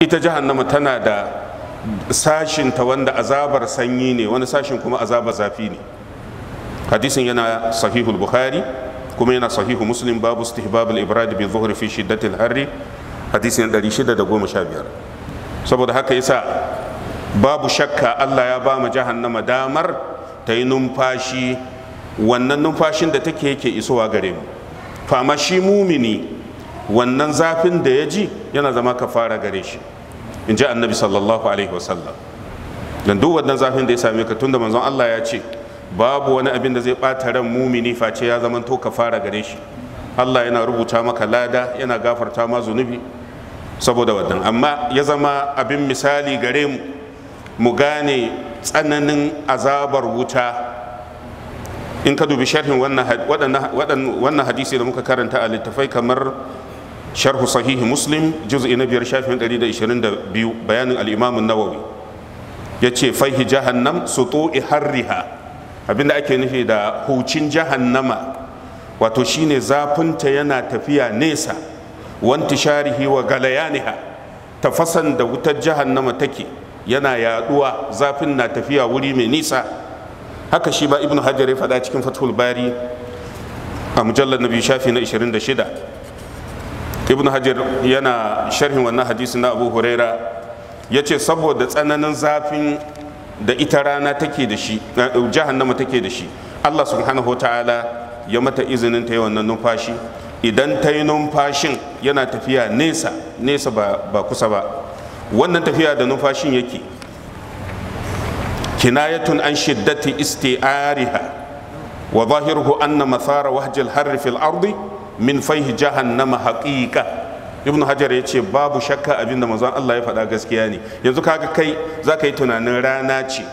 ita jahannama tana da sashinta wanda azabar sanyi ne wani sashin kuma azabar zafi ne hadisin yana sahihul bukhari kuma yana sahihu muslim babu istihbabul ibrad bi dhuhri fi shiddatil harri hadisin 615 saboda haka yasa babu shakka Allah ya ba mu jahannama damar ta yi numfashi wannan numfashin da take yake isowa gare mu Fama amma shi mumini wannan zafin da ya ji yana zama ka fara gare shi in ji annabi sallallahu alaihi wasallam don duk wannan zafin da ya same ka tunda manzon Allah ya ce babu wani abin da zai bata ran mumini face ya zama to ka fara gare shi Allah yana rubuta maka lada yana gafarta ma zunubi saboda wannan amma ya zama abin misali gare mu mu gane tsananin azabar wuta in ka dubi sharhin wannan hadisi da muka karanta a littafai kamar sharhu sahihi muslim juz'i na biyar shafin 122 bayanin al-imam nawawi yace fahi jahannam sutu'i harriha abinda ake nufi da hucin jahannama wato shine zafinta yana tafiya nesa sharihi wa galayaniha tafasan da wutar jahannama take yana yaduwa zafin na tafiya wuri mai nisa haka shi ba ibnu hajar ya faɗa cikin fathul bari a mujallar biyu shafi na 26 ibn hajar yana sharhin wannan hadisi na abu huraira ya ce saboda tsananin zafin da ita rana take da shi eh, jahannama take da shi allah subhanahu ta'ala ya mata izinin ta yi wannan numfashi idan ta yi numfashin yana tafiya nesa nesa ba kusa ba wannan tafiya da numfashin yake kinayatun an shiddati isti'ariha wa zahiruhu anna mathara wahjil harri fil ardi min faihi jahannama haƙiƙa ibnu hajar ya ce babu shakka abinda manzon Allah ya faɗa gaskiya ne yanzu kaga kai za ka yi tunanin rana ce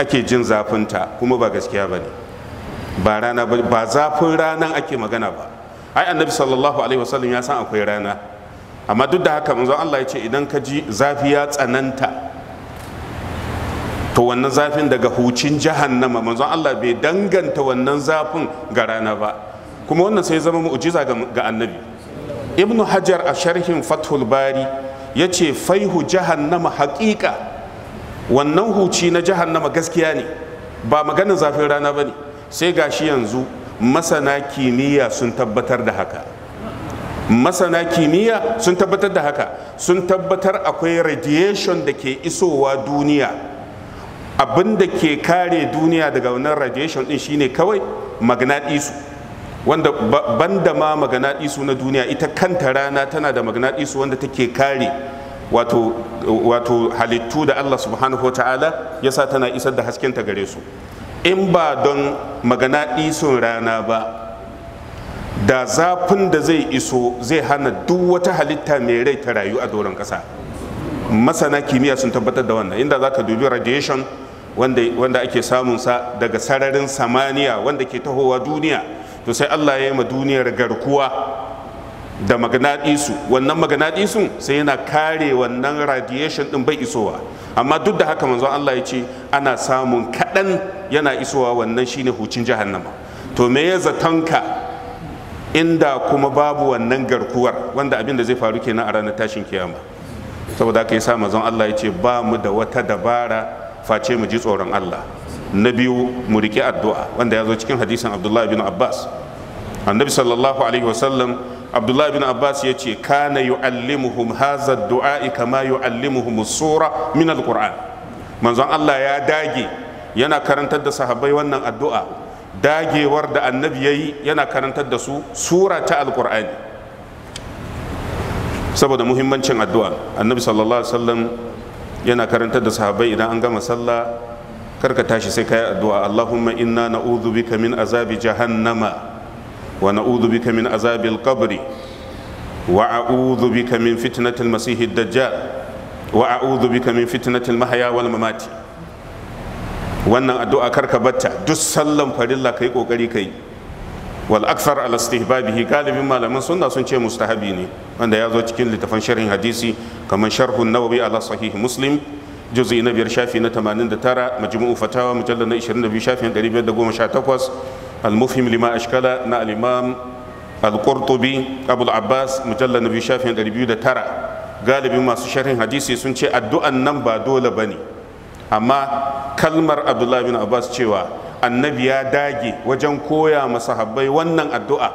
ake jin zafinta kuma ba gaskiya ba ne ba rana ba zafin ranan ake magana ba ai annabi sallallahu alaihi wasallam ya san akwai rana amma duk da haka manzon Allah ya ce idan ka ji zafi ya tsananta to wannan zafin daga hucin jahannama manzon Allah bai danganta wannan zafin ga rana ba kuma wannan sai zama mu'jiza ga annabi ibnu hajar a sharhin fathul bari ya ce faihu jahannama haƙiƙa wannan huci na jahannama gaskiya ne ba maganin zafin rana ba ne sai gashi yanzu masana kimiyya sun tabbatar da haka masana kimiyya sun tabbatar da haka sun tabbatar akwai radiation da ke isowa duniya abin da ke kare duniya daga wannan radiation din shine kawai magnatisu wanda ban da ma maganaɗisu na duniya ita kanta rana tana da maganaɗisu wanda take kare wato, halittu da allah subhanahu wa ta'ala ya sa tana isar da haskenta gare su in ba don maganaɗisun rana ba da zafin da zai iso zai hana duk wata halitta mai rai ta rayu a doron ƙasa masana kimiyya sun tabbatar da wannan inda za ka dubi radiation wanda, wanda ake samunsa daga sararin samaniya wanda ke tahowa duniya to sai Allah ya yi ma duniyar garkuwa da magnatisu wannan magnatisun sai yana kare wannan radiation din bai isowa amma duk da haka manzon Allah ya ce ana samun kaɗan yana isowa wannan shine hucin jahannama to me ya zatonka inda kuma babu wannan garkuwar wanda abin da zai faru kenan a ranar tashin kiyama saboda haka sa manzon Allah ya ce ba mu da wata dabara face mu ji tsoron Allah na biyu mu riƙe addu'a wanda ya zo cikin hadisin abdullahi bin abbas annabi sallallahu alaihi wasallam abdullahi bin abbas ya ce kana yu'allimuhum haza du'a'i kama yu'allimuhum sura min alquran manzon allah ya dage yana karantar da sahabbai wannan addu'a dagewar da annabi yayi yana karantar da su sura ta alqur'ani saboda muhimmancin addu'a annabi sallallahu alaihi wasallam yana karantar da sahabbai idan an gama sallah karka tashi sai ka kai addu'a Allahumma inna na'udhu bika min azabi jahannama wa na'udhu bika min azabil qabri wa a'udhu bika min fitnatil masihid dajjal wa a'udhu bika min fitnatil mahya wal mamati wannan addu'a karka batta duk sallan farilla kai kokari kai wal akthar ala istihbabihi galibin malaman sunna sun ce mustahabi ne wanda ya zo cikin littafin sharhin hadisi kamar sharhun nawawi ala sahih muslim juzi na biyar shafi na 89 majmu'u fatawa mujallar na 22 shafi na 518 al-mufhim lima ashkala na al-imam al-qurtubi abu al-abbas mujallar na biyu shafi na 209 galibin masu sharhin hadisi sun ce addu'an nan ba dole bane amma kalmar abdullahi bin abbas cewa annabi ya dage wajen koya masahabbai wannan addu'a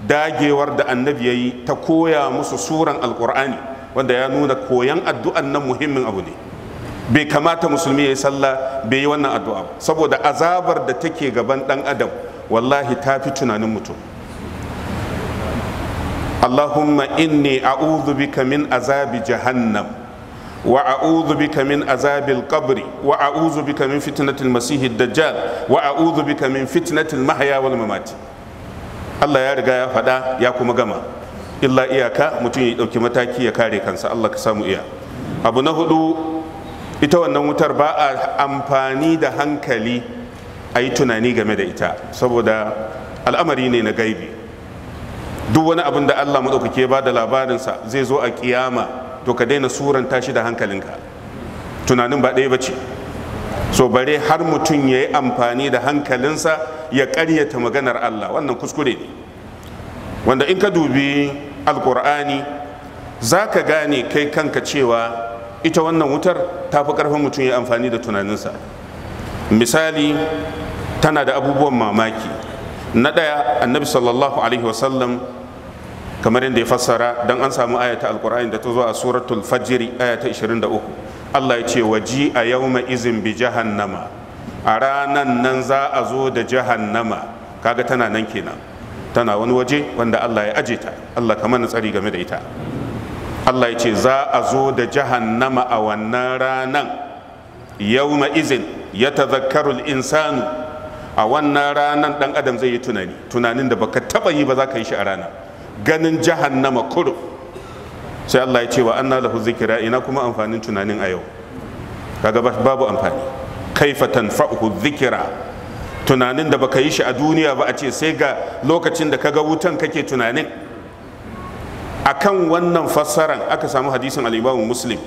dagewar da annabi ya ta koya musu suran alkur'ani wanda ya nuna koyan addu'an nan muhimmin abu ne bai kamata musulmi ya yi sallah bai yi wannan addu'a ba saboda azabar da take gaban dan adam wallahi ta fi tunanin mutum allahumma inni a'udhu bika min azabi jahannam wa a'udhu bika min azabil qabri wa a'udhu bika min fitnatil masihid dajjal wa a'udhu bika min fitnatil mahya wal mamati Allah ya riga ya faɗa ya kuma gama illa iyaka mutum ya ɗauki mataki ya kare kansa Allah ka samu iya abu na hudu ita wannan wutar ba a amfani da hankali a yi tunani game da ita saboda al'amari ne na gaibi duk wani abin da allah maɗaukake ba da labarinsa zai zo a kiyama to ka daina suranta shi da hankalinka tunanin ba ɗaya ba ce so bare har mutum ya yi amfani da hankalinsa ya karyata maganar allah wannan kuskure ne wanda in ka dubi alkur'ani za ka gane kai kanka cewa ita wannan wutar ta fi ƙarfin mutum ya amfani da tunaninsa misali tana da abubuwan mamaki na ɗaya annabi sallallahu alaihi wasallam kamar yadda ya fassara don an samu ayata alkur'ani da ta zo a suratul fajiri ayata 23 Allah ya ce waji a mai izin bi jahannama a ranan nan za a zo da jahannama kaga tana nan kenan tana wani waje wanda Allah ya aje ta Allah kamar na tsari game da ita Allah ya ce za a zo da jahannama a wannan ranan yawma izin ya tazakkarul insanu a wannan ranan dan adam zai yi tunani tunanin da baka taba yi ba za ka yi shi a rana ganin jahannama kuro sai Allah ya ce wa anna lahu zikira ina kuma amfanin tunanin a yau kaga babu amfani kaifa tanfa'uhu zikira tunanin da baka yi shi a duniya ba a ce sai ga lokacin da kaga wutan kake tunanin akan wannan fassaran aka samu hadisin al-Imam Muslim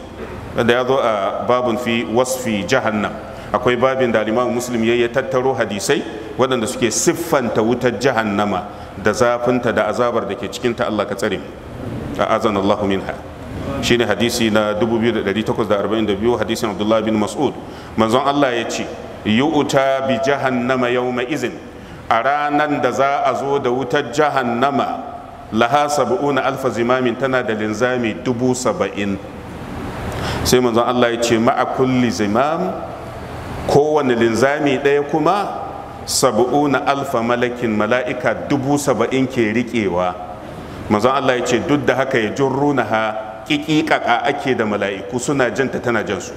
da ya zo a babun fi wasfi jahannam akwai babin da al-Imam Muslim ya tattaro hadisai waɗanda suke siffanta wutar jahannama da zafinta da azabar da ke ta Allah ka tsare mu a'azana Allahu minha shine hadisi na 2842 hadisin Abdullah bin Mas'ud manzon Allah ya ce yu'ta bi jahannama yawma izin a ranan da za a zo da wutar jahannama laha sab'una alfa zimamin tana da linzami dubu saba'in sai manzon Allah ya ce ma'a kulli zimam kowane linzami ɗaya kuma sab'una alfa malakin mala'ika dubu saba'in ke riƙewa manzon Allah ya ce duk da haka ya jurruna ha ƙiƙiƙaƙa ake da mala'iku suna janta tana jansu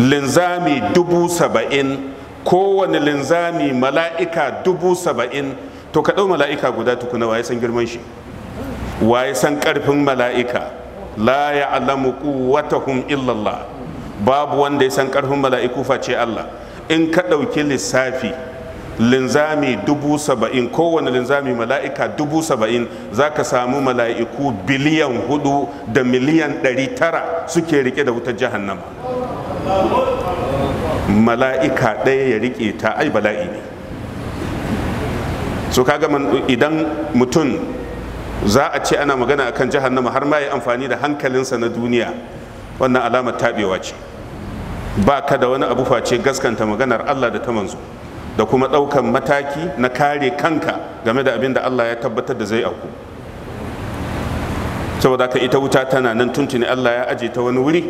linzami dubu saba'in kowane linzami mala'ika dubu saba'in to ka ɗau mala'ika guda tukuna waye san girman shi waye san ƙarfin mala'ika la ya'lamu wata illa illallah? babu wanda ya san ƙarfin mala'iku face Allah in ka ɗauki lissafi linzami dubu saba'in kowane linzami mala'ika dubu saba'in za ka samu mala'iku biliyan hudu da miliyan ɗari tara suke rike da wutar jahannama mala'ika ɗaya ya rike ta ai bala'i ne so kaga idan mutum za a ce ana magana akan jahannama har ma ya amfani da hankalinsa na duniya wannan alamar taɓewa ce ba ka da wani abu face gaskanta maganar allah da ta manzo da kuma ɗaukan mataki na kare kanka game da abin da allah ya tabbatar da zai auku saboda ka ita wuta tana nan tuntuni allah ya aje ta wani wuri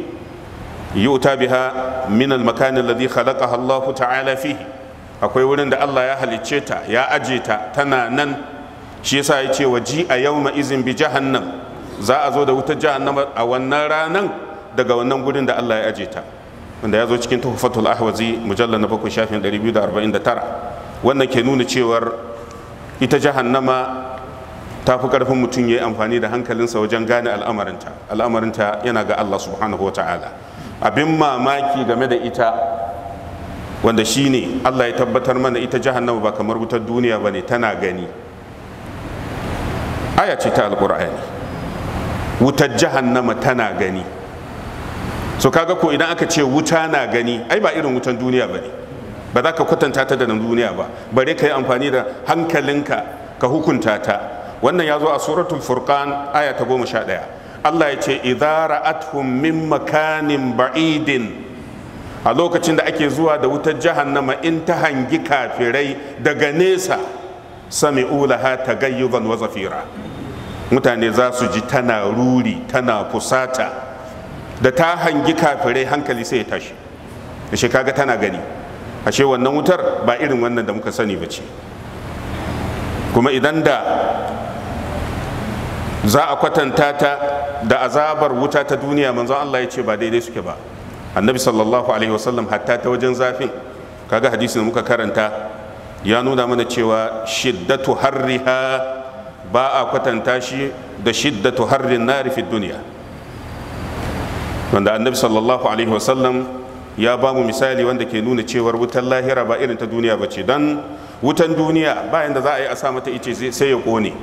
yi wuta biha min makanin ladhi khalaqaha allah ta'ala fihi akwai wurin da Allah ya halicce ta ya aje ta tana nan shi yasa ya ce waji a ma izin bi jahannam za a zo da wutar jahannama a wannan ranan daga wannan gurin da Allah ya aje ta wanda ya zo cikin tuhfatul ahwazi mujallar na bakwai shafin 249 wannan ke nuna cewar ita jahannama ta fi karfin mutum ya yi amfani da hankalinsa wajen gane al'amarinta al'amarinta yana ga Allah subhanahu wa ta'ala abin mamaki game da ita wanda shine Allah ya tabbatar mana ita jahannama ba kamar wutar duniya ba ne tana gani aya ce ta alkur'ani wutar jahannama tana gani so kaga ko idan aka ce wuta na gani ai ba irin wutan duniya ba ne ba za ka kwatanta ta da nan duniya ba bare ka yi amfani da hankalinka ka hukunta ta wannan ya zo a suratul furqan aya ta goma sha ɗaya Allah ya ce idara ra'atuhum min makanin ba'idin a lokacin da ake zuwa da wutar jahannama in ta hangi kafirai daga nesa sami'u ta tagayyuzan wa zafira mutane za su ji tana ruri tana fusata da ta hangi kafirai hankali sai ya tashi Da kaga tana gani ashe wannan wutar ba irin wannan da muka sani ba ce kuma idan da za a kwatanta ta da azabar wuta ta duniya manzon Allah ya ce ba daidai suke ba annabi sallallahu alaihi wasallam hatta ta wajen zafin kaga hadisi da muka karanta ya nuna mana cewa shiddatu harriha ba a kwatanta shi da shiddatu harrin nari fi duniya wanda annabi sallallahu alaihi wasallam ya ba mu misali wanda ke nuna cewar wutan lahira ba irin ta duniya ba ce don wutan duniya bayan da za a yi a sa mata ice sai ya kone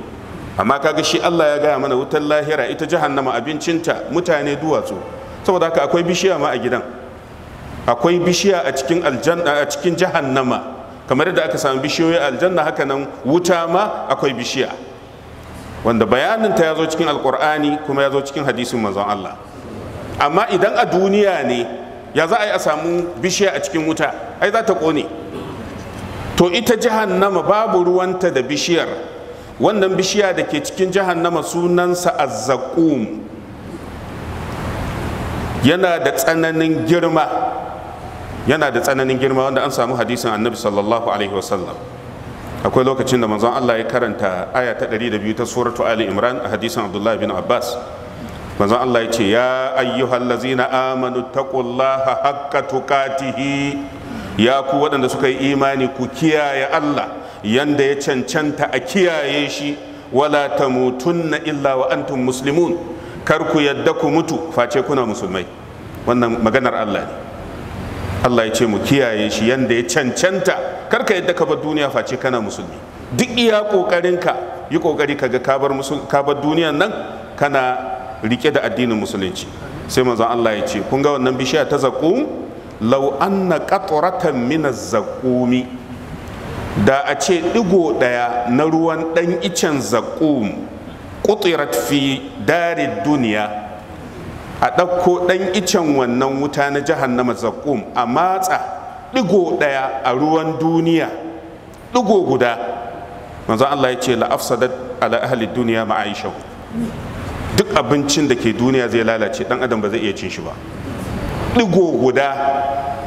amma kaga shi allah ya gaya mana wutan lahira ita jahannama abincinta mutane duwatsu saboda haka akwai bishiya ma a gidan akwai bishiya a cikin aljanna a cikin jahannama kamar yadda aka samu bishiyoyi aljanna haka nan wuta ma akwai bishiya wanda bayanin ta yazo cikin alqur'ani kuma yazo cikin hadisin manzon Allah amma idan a duniya ne ya za a yi a samu bishiya a cikin wuta ai za ta kone to ita jahannama babu ruwanta da bishiyar wannan bishiya da ke cikin jahannama sunansa azzaqum yana da tsananin girma yana da tsananin girma wanda an samu hadisin annabi sallallahu alaihi wasallam akwai lokacin da manzon Allah ya karanta aya ta 102 ta suratu ali imran a hadisin abdullah bin abbas manzon Allah ya ce ya ayyuhallazina amanu taqullaha haqqa tuqatihi ya ku waɗanda suka yi imani ku kiyaye Allah yanda ya cancanta a kiyaye shi wala tamutunna illa wa antum muslimun kar ku yadda ku mutu face kuna musulmai wannan maganar Allah ne Allah ya ce mu kiyaye shi yanda ya cancanta kar ka yadda ka bar duniya face kana musulmi duk iya ka yi kokari ka ga ka bar duniyan nan kana rike da addinin musulunci sai manzon Allah ya ce kun ga wannan bishiya ta zakum law anna qatratan min az-zaqumi da a ce digo daya na ruwan dan icen zakum qutirat fi duniya a ɗauko ɗan icen wannan wuta na na zakum a matsa ɗigo ɗaya a ruwan duniya ɗigo guda manzo Allah ya ce la'afsadat ala ahli duniya ma'aisha duk abincin da ke duniya zai lalace dan adam ba zai iya cin shi ba ɗigo guda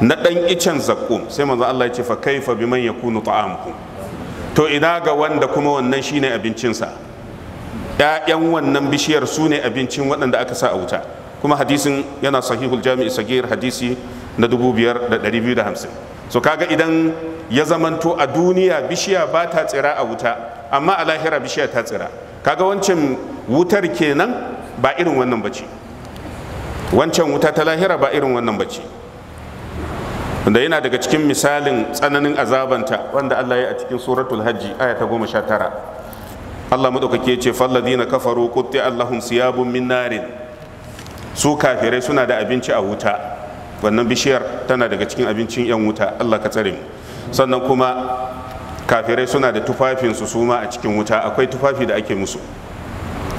na ɗan icen zakum sai manzo Allah ya ce fa kaifa biman kunu ta'amku, to ina ga wanda kuma wannan shine abincinsa ‘ya'yan wannan bishiyar su ne abincin waɗanda aka sa a wuta kuma hadisin yana sahihul jami'i sagir hadisi na 5,250 so kaga idan ya zamanto a duniya bishiya ba ta tsira a wuta amma a lahira bishiya ta tsira kaga wancan wutar kenan ba irin wannan bace wancan wuta ta lahira ba irin wannan bace wanda yana daga cikin misalin tsananin azabanta wanda Allah ya a cikin suratul hajji aya ta goma sha tara Allah maɗaukake ce falladina kafaru qutti Allahun siyabun min narin su kafirai suna da abinci a wuta wannan bishiyar tana daga cikin abincin yan wuta Allah ka tsare sannan kuma kafirai suna da tufafinsu su suma a cikin wuta akwai tufafi da ake musu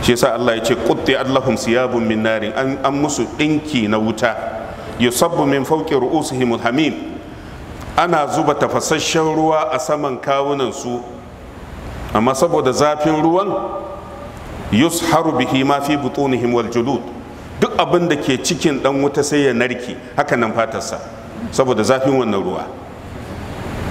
shi yasa Allah ya ce qutti Allahun siyabun min narin an, musu ɗinki na wuta yusabbu min fawqi ru'usihim hamim ana zuba tafasasshen ruwa a saman kawunan su amma saboda zafin ruwan yusharu bihi ma fi butunihim wal julud duk abin da ke cikin dan wuta sai ya narke haka nan fatarsa saboda zafin wannan ruwa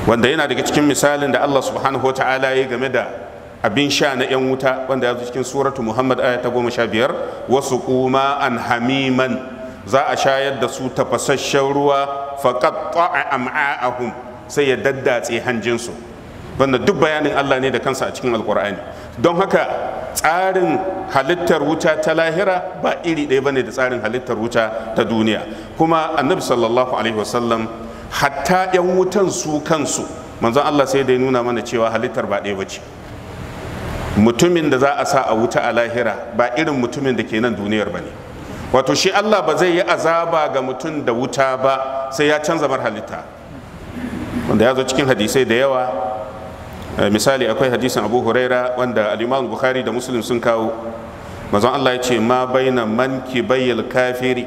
wanda yana daga cikin misalin da Allah subhanahu wa ta'ala ya game da abin sha na yan wuta wanda ya zo cikin suratu Muhammad aya ta goma sha biyar wasu kuma an hamiman za a shayar da su tafasasshen ruwa faqat ta'a am'a'ahum sai ya daddatse hanjinsu banda duk bayanin Allah ne da kansa a cikin alkur'ani don haka tsarin halittar wuta ta lahira ba iri ɗaya bane da tsarin halittar wuta ta duniya kuma annabi sallallahu alaihi wasallam hatta yan wutan su kansu manzon Allah sai da ya nuna mana cewa halittar ba ɗaya bace mutumin da za a sa a wuta a lahira ba irin mutumin da ke nan duniyar bane wato shi Allah ba zai yi azaba ga mutum da wuta ba sai ya canza mar halitta wanda ya zo cikin hadisai da yawa Eh, misali akwai hadisin abu huraira wanda al-imam da muslim sun kawo mazan allah ya ce ma man ki bayyal kafiri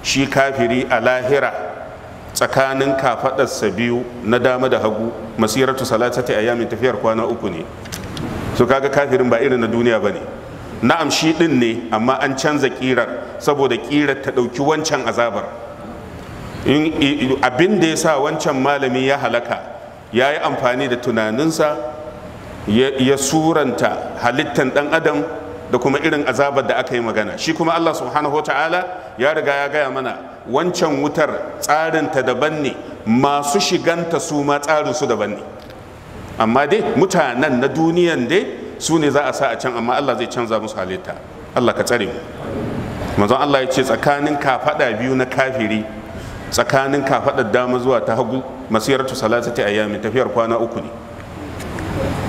shi kafiri a lahira tsakanin kafadarsa biyu na dama da hagu masiratu salatati ayamin tafiyar kwana uku ne so kaga kafirin ba irin na duniya ba ne. na'am shi din ne amma an canza kirar saboda kirar ta dauki wancan azabar abin da ya sa wancan malami ya halaka ya yi amfani da tunaninsa ya suranta halittar ɗan adam da kuma irin azabar da aka yi magana shi kuma allah subhanahu wa ta'ala ya riga ya gaya mana wancan wutar tsarinta daban ne masu shiganta su ma tsarinsu daban ne amma dai mutanen na duniyan dai su ne za a sa a can amma allah zai canza musu halitta allah ka tsare mu allah ya ce tsakanin kafaɗa biyu na kafiri tsakanin kafaɗar dama zuwa ta hagu masiratu salatati ayyamin tafiyar kwana uku ne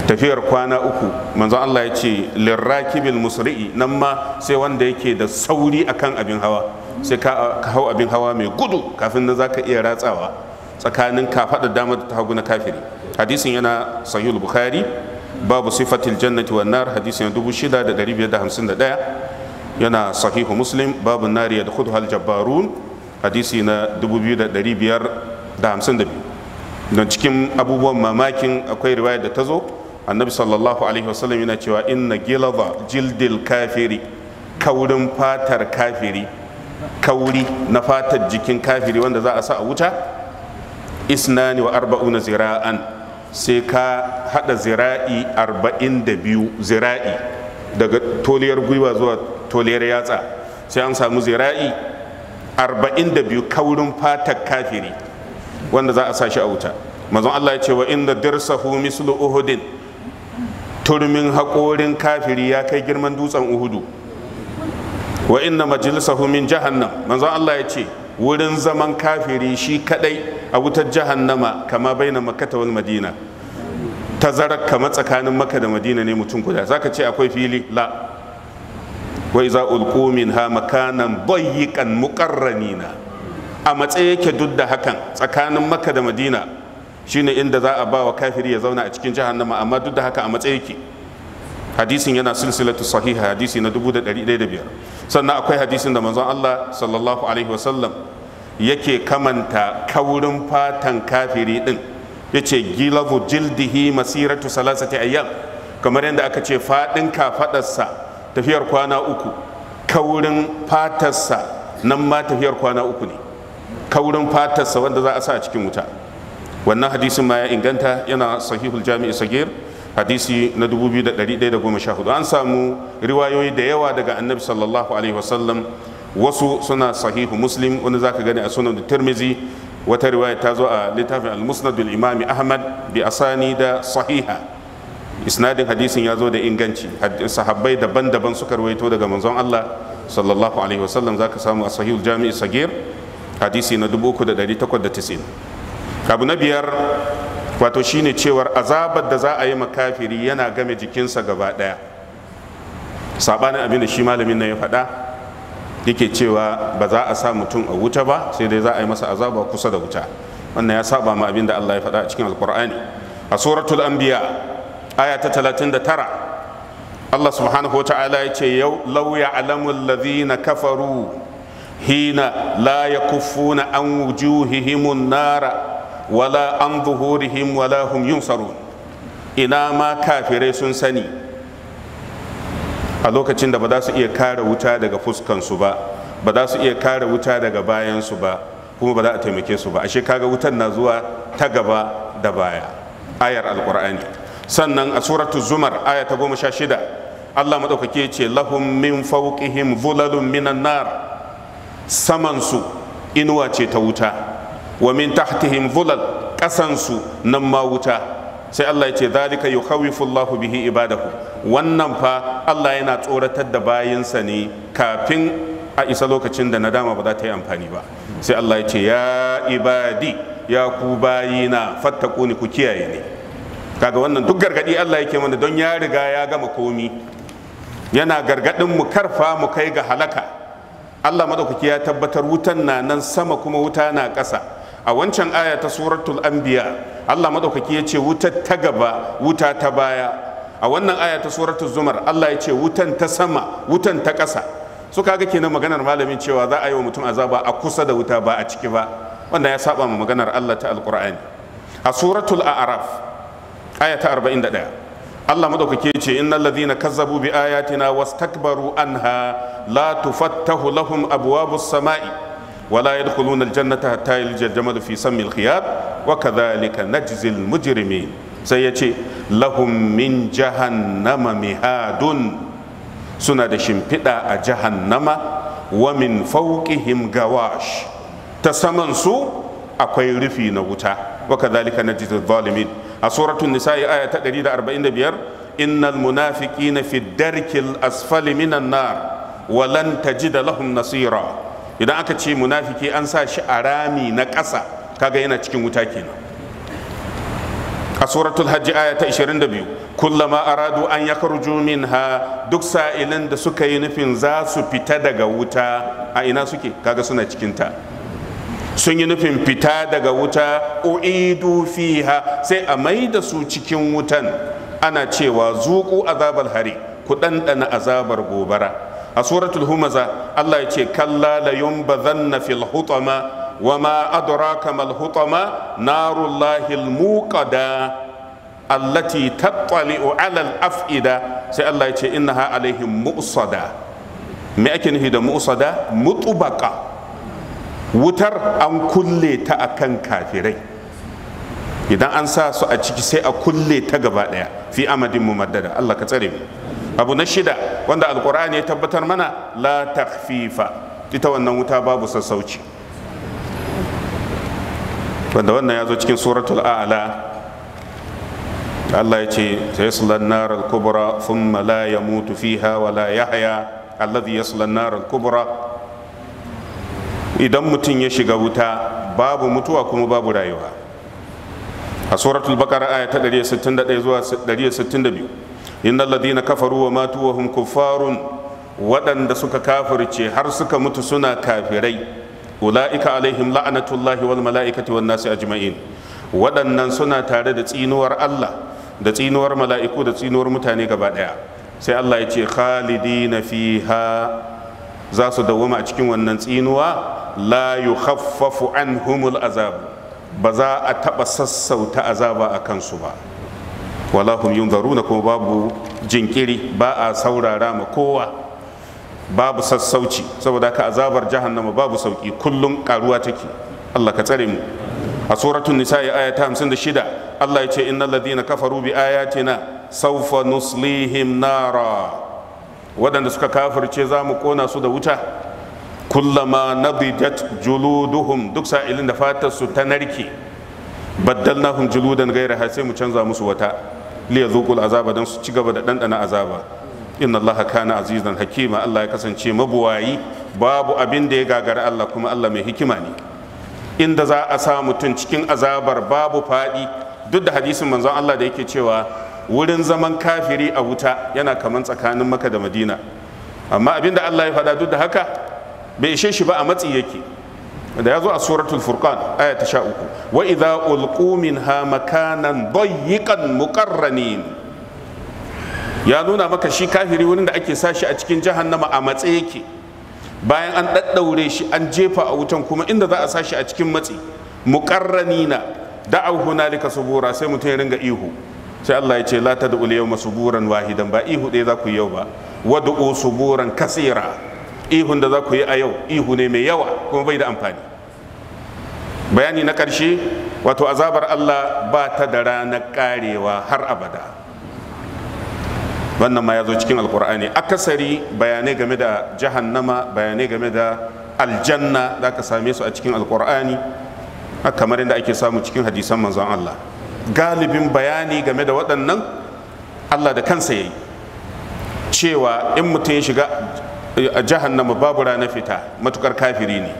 tafiyar kwana uku manzon Allah ya ce lirrakibil musri'i nan ma sai wanda yake da sauri akan abin hawa sai ka hau abin hawa mai gudu kafin nan zaka iya ratsawa tsakanin kafaɗa dama da ta hagu na kafiri hadisin yana sahihul bukhari babu sifatil jannati wan nar hadisin 6551 yana sahihu muslim babu nari da jabbarun hadisi na 2552 don cikin abubuwan mamakin akwai riwaya da ta zo annabi sallallahu alaihi wasallam yana cewa inna gilaza jildil kafiri kaurin fatar kafiri kauri na fatar jikin kafiri wanda za a sa a wuta isnani wa arba'una zira'an sai ka hada zira'i arba'in da biyu zira'i daga toliyar gwiwa zuwa toliyar yatsa sai an samu zira'i arba'in da biyu kaurin fatar kafiri wanda za a sa shi a wuta manzon Allah ya ce wa inda dirsahu mislu uhudin turmin haƙorin kafiri ya kai girman dutsen uhudu wa inna majlisahu min jahannam manzon Allah ya ce wurin zaman kafiri shi kadai a wutar jahannama kama baina makkata wal madina tazarar kama tsakanin makka da madina ne mutum guda zaka ce akwai fili la wa iza ulqu minha makanan bayyikan muƙarranina a matsayi yake duk da hakan tsakanin makka da madina shine inda za a ba wa kafiri ya zauna a cikin jahannama amma duk da haka a matsayi yake hadisin yana silsilatu sahiha hadisi na 1105 sannan akwai hadisin da manzon Allah sallallahu alaihi wasallam yake kamanta kaurin fatan kafiri din yace gilavu jildihi masiratu salasati ayyam kamar yadda aka ce fadin kafadarsa tafiyar kwana uku kaurin fatarsa nan ma tafiyar kwana uku ne kaurin fatarsa wanda za a sa a cikin wuta wannan hadisin ma ya inganta yana sahihul jami'i sagir hadisi na 2114 an samu riwayoyi da yawa daga annabi sallallahu alaihi wasallam wasu suna sahihu muslim wani zaka gani a sunan tirmizi wata riwaya ta zo a littafin al-musnad imam ahmad bi asani da sahiha isnadin hadisin ya zo da inganci sahabbai daban-daban suka rawaito daga manzon Allah sallallahu alaihi wasallam zaka samu a sahihul jami'i sagir hadisi na 3890 abu na biyar wato shine cewar azabar da za a yi makafiri yana game jikinsa gaba daya sabanin abin da shi malamin nan ya faɗa yake cewa ba za a sa mutum a wuta ba sai dai za a yi masa azaba kusa da wuta wannan ya saba ma abin da Allah ya faɗa a cikin alkur'ani a suratul anbiya aya ta 39 Allah subhanahu wa ta'ala ya ce yau law ya'lamu alladhina kafaru hina لا يكفون عن وجوههم nara wala an ظهورهم wala هم ينصرون ina ma kafirai sun sani a lokacin da ba za su iya kare wuta daga fuskansu ba ba za su iya kare wuta daga bayansu ba kuma ba za a taimake su ba ashe kaga wutan na zuwa ta gaba da baya ayar alkur'ani sannan a suratu zumar aya ta goma sha shida allah maɗaukaki ce lahum min fawqihim zulalun minan nar samansu inuwa ce ta wuta wa min tahtihim zulal kasansu nan ma wuta sai Allah ya ce zalika yukhawifu Allah bihi ibadahu wannan fa Allah yana tsoratar da bayinsa ne kafin a isa lokacin da nadama ba za ta yi amfani ba sai Allah ya ce ya ibadi ya ku bayina fattakuni ku kiyaye ne kaga wannan duk gargadi Allah yake mana don ya riga ya gama komi yana gargadin mu karfa mu kai ga halaka Allah madaukaki ya tabbatar wutan na nan sama kuma wuta na ƙasa a wancan aya ta suratul anbiya Allah madaukaki ya ce wutar ta gaba wuta ta baya a wannan aya ta suratul zumar Allah ya ce wutan ta sama wutan ta ƙasa su kaga kenan maganar malamin cewa za a yi wa mutum azaba a kusa da wuta ba a ciki ba wanda ya saba ma maganar Allah ta alqur'ani a suratul a'raf aya ta 41 Allah madaukake ya ce innal ladhina kazzabu bi ayatina wastakbaru anha la tufattahu lahum abwabus samai wala yadkhuluna aljannata hatta yalja fi sammil khiyab wa kadhalika najzil mujrimin sai ya ce lahum min jahannama mihadun suna da shimfiɗa a jahannama wa min fawqihim gawash ta saman su akwai rufi na wuta wa kadhalika najzil zalimin a suratun nisa'i aya ta 145 innal munafiqina fi darkil asfali minan nar wa lan tajida lahum nasira idan aka ce munafiki an sa shi a rami na ƙasa kaga yana cikin wuta kenan a suratul hajji aya ta 22 kullama aradu an yakhruju minha duk sa'ilin da suka yi nufin za su fita daga wuta a ina suke kaga suna cikin ta sun yi nufin fita daga wuta u'idu fiha sai a mai da su cikin wutan ana cewa zuku azabar hari ku ɗanɗana azabar gobara a suratul humaza Allah ya ce kalla la yumbazanna fil hutama wa ma adraka mal hutama narullahi al muqada allati tattali'u ala al af'ida sai Allah ya ce innaha alaihim mu'sada me ake nufi da mu'sada mutubaka wutar an kulle ta akan kafirai idan an sa su a ciki sai a kulle ta gaba daya fi amadin mumaddada Allah ka tsare mu abu na shida wanda alkur'ani ya tabbatar mana la takfifa ita wannan wuta babu sassauci wanda wannan ya zo cikin suratul a'la Allah ya ce sai yaslan nar al-kubra thumma la yamutu fiha wa la yahya alladhi yaslan al-kubra idan mutum ya shiga wuta babu mutuwa kuma babu rayuwa a suratul bakara aya ta 161 zuwa 162 innal ladina kafaru wa matu wa hum kuffarun waɗanda suka kafirce har suka mutu suna kafirai ula'ika alaihim la'anatullahi wal mala'ikati wan nasi ajma'in waɗannan suna tare da tsinuwar Allah da tsinuwar mala'iku da tsinuwar mutane gaba ɗaya sai Allah ya ce khalidina fiha za su dawwama a cikin wannan tsinuwa la yukhaffafu anhumul azab ba za a taɓa sassauta azaba a kansu ba walahum yunzaruna kuma babu jinkiri ba a saurara ma kowa babu sassauci saboda haka azabar jahannama babu sauki kullum karuwa take Allah ka tsare mu a suratul nisa'i aya ta 56 Allah ya ce innal ladina kafaru bi ayatina sawfa nuslihim nara waɗanda suka kafirce za mu ƙona su da wuta kullama nadijat juluduhum duk sa'ilin da fatar su ta narke baddalnahum juludan ha sai mu canza musu wata liyazuqul azaba dan su ci gaba da dandana azaba inna allaha kana azizan hakima allah ya kasance mabuwayi babu abin da ya gagara allah kuma allah mai hikima ne inda za a sa mutum cikin azabar babu fadi duk da hadisin manzon allah da yake cewa wurin zaman kafiri a wuta yana kaman tsakanin maka da madina amma abinda allah ya faɗa duk da haka bai ishe shi ba a matsi yake da ya zo a suratul furqan aya ta sha uku wa idza ulqu minha makanan dayyiqan muqarranin ya nuna maka shi kafiri wurin da ake sashi a cikin jahannama a matse yake bayan an daddaure shi an jefa a wutan kuma inda za a sashi a cikin matsi muqarranina da'aw hunalika subura sai mutum ya ringa ihu sai Allah ya ce la tad'u masu yawma suburan wahidan ba ihu ɗaya za ku yi yau ba wad'u suburan kasira ihun da za ku yi a yau ihu ne mai yawa kuma bai da amfani bayani na ƙarshe wato azabar Allah ba ta da ranar ƙarewa har abada wannan ma ya zo cikin alkur'ani akasari bayanai game da jahannama bayanai game da aljanna za ka same su a cikin alkur'ani kamar yadda ake samu cikin hadisan manzon Allah galibin bayani game da waɗannan allah da kansa ya yi cewa in mutum ya shiga a eh, jahannama babu ranar fita matukar kafiri ne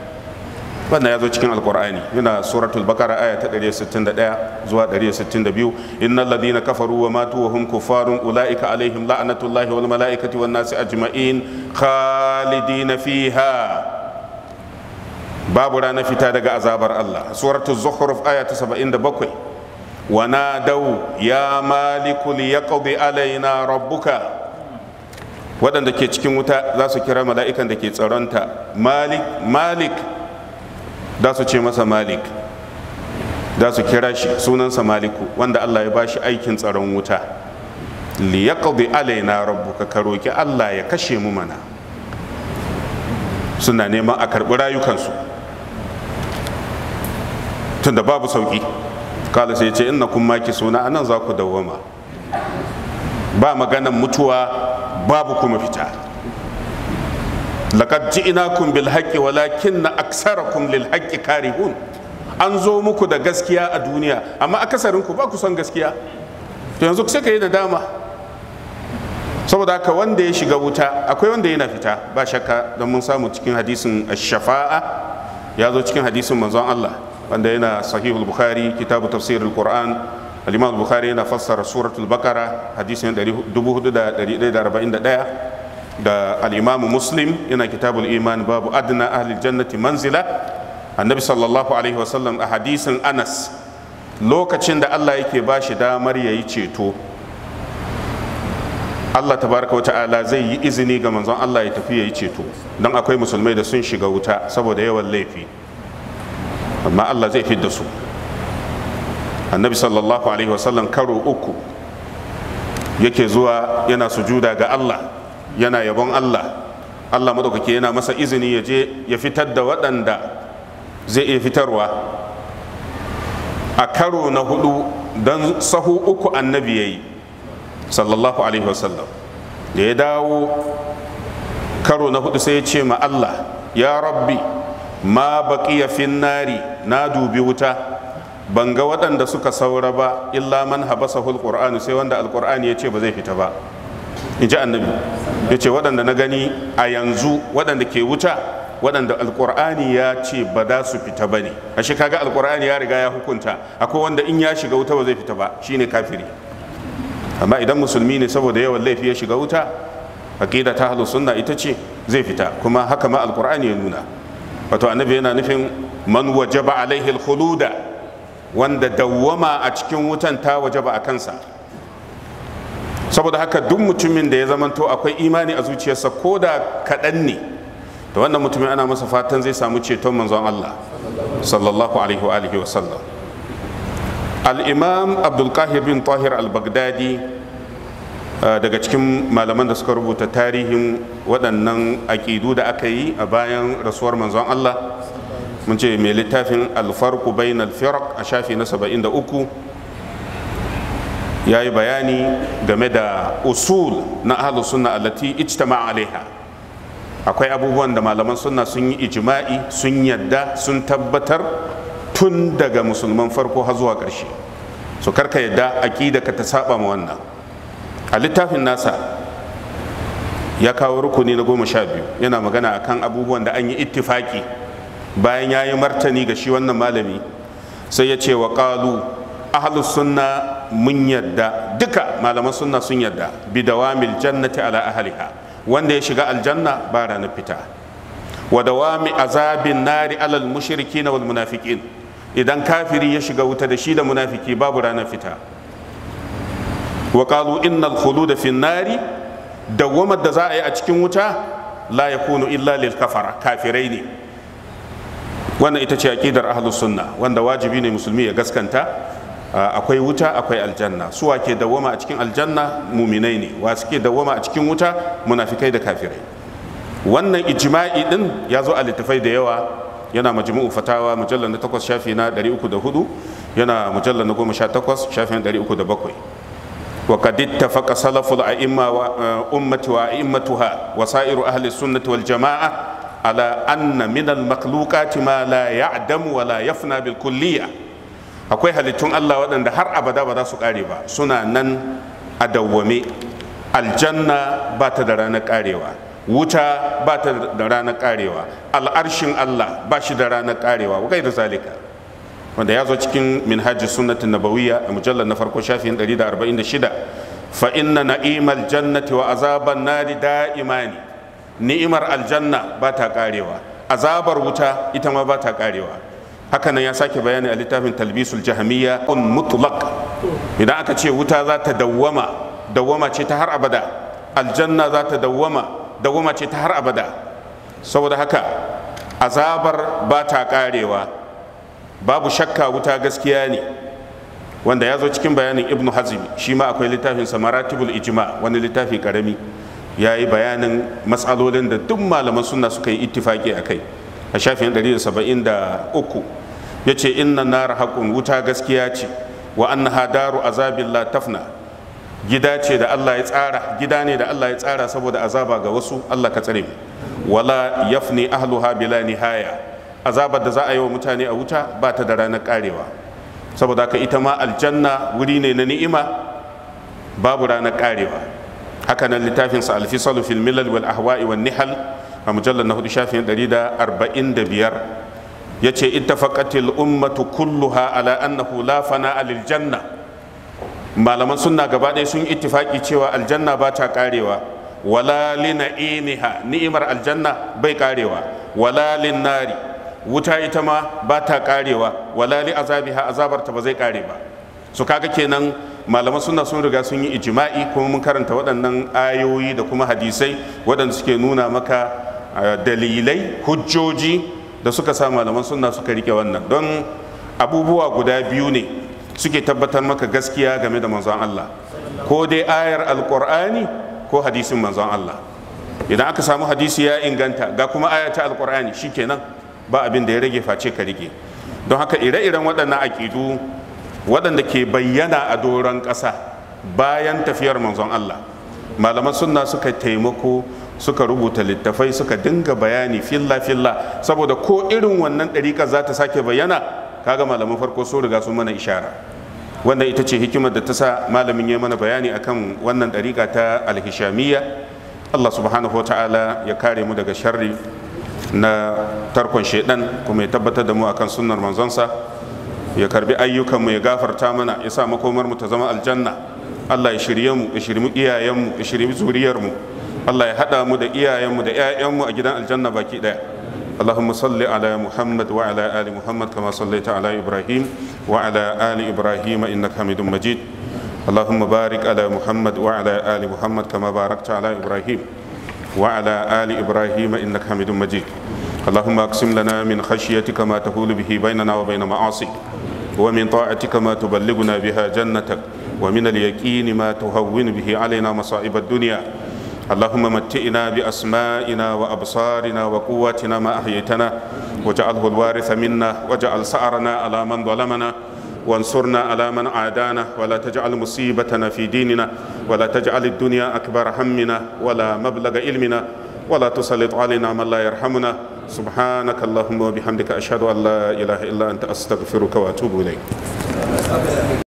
wannan ya zo cikin alkur'ani yana suratul bakara aya ta 161 zuwa 162 innal ladina kafaru wa matu wa hum kuffarun ulaika alaihim la'natullahi wal malaikati wan nasi ajma'in khalidina fiha babu ranar fita daga azabar Allah suratul zukhruf aya ta 77 ونادوا ya مالك liyaqdi alaina ربك waɗanda ke cikin wuta za su kira mala'ikan da ke tsaronta malik malik za su ce masa malik za su kira shi sunansa maliku wanda Allah ya bashi aikin tsaron wuta liyaqdi alaina rabbuka ka roki Allah ya kashe mu mana suna neman a karɓi rayukansu tunda babu sauƙi kala sai ce inna kun maki suna anan za ku dawwama ba maganan mutuwa babu kuma fita laqad ji'nakum bil haqqi walakinna aktsarakum lil haqqi karihun an zo muku da gaskiya a duniya amma akasarinku ba ku son gaskiya to yanzu sai ka da dama saboda haka wanda ya shiga wuta akwai wanda yana fita ba shakka don mun samu cikin hadisin shafa'a ya zo cikin hadisin manzon Allah wanda yana sahihul bukhari kitabu tafsirul qur'an al-imam bukhari yana fassara suratul bakara hadisin 4141 da al-imam muslim yana kitabul iman babu adna ahli jannati manzila annabi sallallahu alaihi wasallam a hadisin anas lokacin da Allah yake ba shi damar ya yi ceto Allah tabaraka ala zai yi izini ga manzon Allah ya tafi ya yi ceto don akwai musulmai da sun shiga wuta saboda yawan laifi amma Allah zai fidda su annabi sallallahu alaihi wasallam karo uku yake zuwa yana sujuda ga Allah yana yabon Allah Allah madaukake yana masa izini ya je ya fitar da waɗanda zai iya fitarwa a karo na hudu don sahu uku annabi ya sallallahu alaihi wasallam da ya dawo karo na hudu sai ya ce ma Allah ya rabbi ma ya finnari na dubi wuta ban ga waɗanda suka saura ba illa man habasa alqur'anu sai wanda Alƙur'ani ya ce ba zai fita ba in ji annabi ya ce waɗanda na gani a yanzu waɗanda ke wuta waɗanda alƙur'ani ya ce ba za su fita ba ne a shi kaga alƙur'ani ya riga ya hukunta akwai wanda in ya shiga wuta ba zai fita ba Shi ne kafiri amma idan musulmi ne saboda yawan laifi ya shiga wuta aƙida ta halu sunna ita ce zai fita kuma haka ma alƙur'ani ya nuna wato annabi yana nufin man wajaba alaihi alkhuluda wanda dawwama a cikin wutan ta wajaba a kansa saboda haka duk mutumin da ya zamanto akwai imani a zuciyarsa ko da kaɗan ne da wannan mutumin ana masa fatan zai samu ceton manzon Allah sallallahu alaihi wa alihi wa sallam al-imam abdul qahir bin tahir al-baghdadi Ah, daga cikin malaman da suka rubuta tarihin waɗannan aƙidu da aka yi a bayan rasuwar manzon Allah mun ce mai littafin alfarku bainal firq a shafi na 73 ya yi bayani game da usul na ahlus sunna allati ijtama alaiha akwai abubuwan da malaman sunna sun yi ijima'i sun yadda sun tabbatar tun daga musulman farko har zuwa ƙarshe so karka yadda aƙida ka ta saba ma wannan a littafin nasa ya kawo rukuni na goma sha biyu yana magana akan abubuwan da an yi ittifaki bayan ya yi martani ga shi wannan malami sai ya ce wa ƙalu ahlus sunna mun yadda duka malaman sunna sun yadda bi dawamil jannati ala ahliha wanda ya shiga aljanna ba ranar fita wa dawami azabin nari alal mushrikin wal munafiqin idan kafiri ya shiga wuta da shi da munafiki babu ranar fita wa qalu innal khulud fi nari dawwamar da za a yi a cikin wuta la yakunu illa lil kafara kafirai ne wannan ita ce aqidar ahlus sunna wanda wajibi ne musulmi ya gaskanta akwai wuta akwai aljanna su ke dawwama a cikin aljanna muminai ne wa suke dawwama a cikin wuta munafikai da kafirai wannan ijma'i din ya zo a littafai da yawa yana majmu'u fatawa mujallar na 8 shafi na 304 yana mujallar na 18 shafi na 307 وقد اتفق سلف الأئمة وأمة وأئمتها وسائر أهل السنة والجماعة على أن من المخلوقات ما لا يعدم ولا يفنى بالكلية akwai halittun Allah waɗanda har abada ba za su ƙare ba suna nan a dawwame aljanna ba ta da ranar ƙarewa wuta ba ta da ranar ƙarewa al'arshin Allah ba shi da ranar ƙarewa wa da zalika wanda ya zo cikin minhajin sunnatin nabawiyya a mujallar na farko shafin 146 fa inna Na'imar jannati wa Nadi nari da'imani ni'imar aljanna ba ta karewa azabar wuta ita ma ba ta karewa hakanan ya sake bayani a littafin talbisul jahamiyya un mutlaq idan aka ce wuta za ta dawwama dawwama ce ta har abada aljanna za ta dawwama dawwama ce ta har abada saboda haka azabar ba ta karewa babu shakka wuta gaskiya ne wanda ya zo cikin bayanin ibnu hazmi shi ma akwai littafin samaratibul ijma wani littafi karami ya yi bayanin matsalolin da duk malaman suna suka yi ittifaki a kai a shafin 173 ya ce inna nar haƙun wuta gaskiya ce wa an hadaru azabin la tafna gida ce da Allah ya tsara gida ne da Allah ya tsara saboda azaba ga wasu Allah ka tsare wala yafni ahluha bila nihaya azabar da za a yi wa mutane a wuta ba ta da ranar karewa saboda ka ita ma aljanna wuri ne na ni'ima babu ranar karewa haka nan littafin sa alfisalu fil milal wal ahwa'i wan nihal a mujallar na hudu shafin 145 ya ce ittafaqatil ummatu kulluha ala annahu la fana alil janna malaman sunna gaba ɗaya sun ittifaki cewa aljanna ba ta karewa wala li ni'imar aljanna bai karewa wala lin nari wuta ita ma ba ta karewa walali li azabiha azabarta ba zai kare ba su kaga kenan malaman sunna sun riga sun yi ijma'i kuma mun karanta waɗannan ayoyi da kuma hadisai waɗanda suke nuna maka dalilai hujjoji da suka sa malaman sunna suka rike wannan don abubuwa guda biyu ne suke tabbatar maka gaskiya game da manzon Allah ko dai ayar alqur'ani ko hadisin manzon Allah idan aka samu hadisi ya inganta ga kuma ayata alqur'ani shikenan ba abin da ya rage face ka rike don haka ire-iren waɗannan aƙidu waɗanda ke bayyana a doron ƙasa bayan tafiyar manzon Allah malaman sunna suka taimako suka rubuta littafai suka dinga bayani filla-filla saboda ko irin wannan ɗariƙa za ta sake bayyana kaga malaman farko sun riga sun mana ishara wannan ita ce hikimar da ta sa malamin ya mana bayani akan wannan ɗariƙa ta alhishamiyya Allah subhanahu wa ta'ala ya kare mu daga sharri na tarkon shaidan kuma ya tabbatar da mu akan sunnar manzonsa ya karbi ayyukanmu ya gafarta mana ya sa makomar mu ta zama aljanna Allah ya shirye mu ya shirye mu iyayenmu ya shirye zuriyar Allah ya hada mu da iyayenmu da ƴaƴanmu a gidan aljanna baki daya اللهم صل على محمد وعلى آل محمد كما صليت على إبراهيم وعلى ibrahim إبراهيم إنك حميد مجيد اللهم بارك على محمد وعلى آل muhammad kama barakta على ibrahim. وعلى آل إبراهيم إنك حميد مجيد اللهم أقسم لنا من خشيتك ما تهول به بيننا وبين معاصيك ومن طاعتك ما تبلغنا بها جنتك ومن اليقين ما تهون به علينا مصائب الدنيا اللهم متئنا بأسمائنا وأبصارنا وقواتنا ما أحييتنا وجعله الوارث منا وجعل سعرنا على من ظلمنا وانصرنا على من عادانا ولا تجعل مصيبتنا في ديننا ولا تجعل الدنيا أكبر همنا ولا مبلغ علمنا ولا تسلط علينا من لا يرحمنا سبحانك اللهم وبحمدك أشهد أن لا إله إلا أنت أستغفرك وأتوب إليك